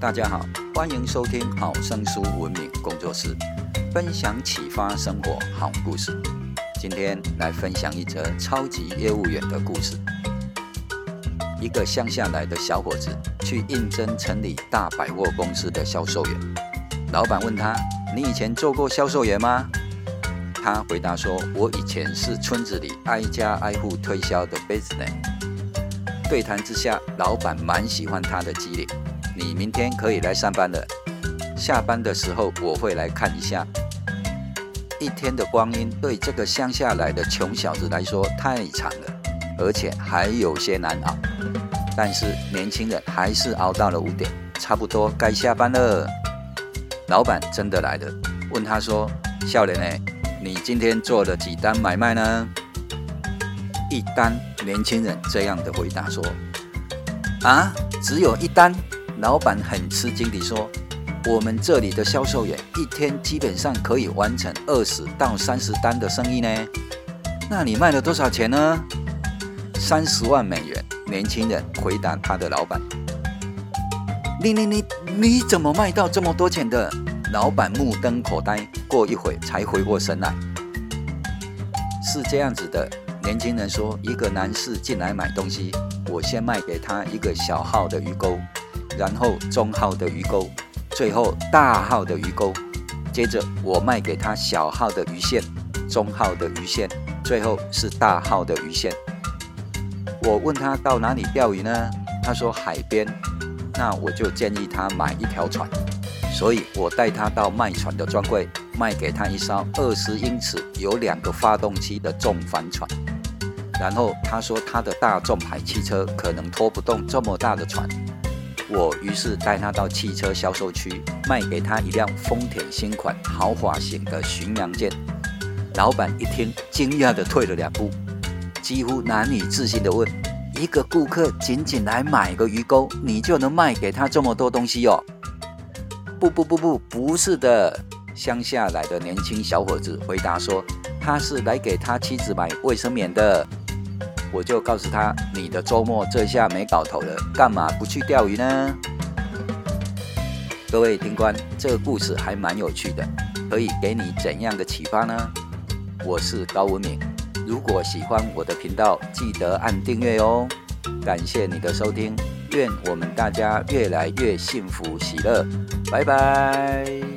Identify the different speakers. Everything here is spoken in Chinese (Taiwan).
Speaker 1: 大家好，歡迎收聽好聲書文明工作室，分享啟發生活好故事。今天來分享一則超級業務員的故事。一個鄉下來的小伙子去應徵城裡大百貨公司的銷售員。老板問他：“你以前做過銷售員嗎？”他回答說：“我以前是村子裡挨家挨戶推銷的 business。”對談之下，老板蠻喜歡他的機靈。你明天可以來上班了。下班的時候我會來看一下。一天的光陰對這個鄉下來的窮小子來說太長了，而且還有些難熬。但是年輕人還是熬到了五點，差不多該下班了。老闆真的來了，問他說：“笑臉哎，你今天做了幾單買賣呢？”一單，年輕人這樣的回答說：“啊，只有一單。”老闆很吃驚地說：“我們這裡的銷售員一天基本上可以完成二十到三十單的生意呢。那你賣了多少錢呢？”“三十萬美元。”年輕人回答他的老闆。“你、你、你、你怎麼賣到這麼多錢的？”老闆目瞪口呆，過一會才回過神來。“是這樣子的。”年輕人說，“一個男士進來買東西，我先賣給他一個小號的魚鈎。”然後中號的魚鈎，最後大號的魚鈎。接着我賣給他小號的魚線，中號的魚線，最後是大號的魚線。我問他到哪裡釣魚呢？他說海邊。那我就建議他買一條船。所以我帶他到賣船的專櫃，賣給他一艘二十英尺、有兩個發動機的重帆船。然後他說他的大眾牌汽車可能拖不動這麼大的船。我於是帶他到汽車銷售區，賣給他一輛豐田新款豪華型的巡洋艦。老板一聽，驚訝地退了兩步，幾乎難以置信地問：“一個顧客僅僅來買個魚鈎，你就能賣給他這麼多東西哦？”“不不不不，不是的。”鄉下來的年輕小伙子回答說：“他是來給他妻子買衛生棉的。”我就告訴他，你的周末這下沒搞頭了，幹嘛不去釣魚呢？各位聽官，這個故事還蠻有趣的，可以給你怎樣的啟發呢？我是高文明，如果喜歡我的頻道，記得按訂閱哦。感謝你的收聽，願我們大家越來越幸福喜樂，拜拜。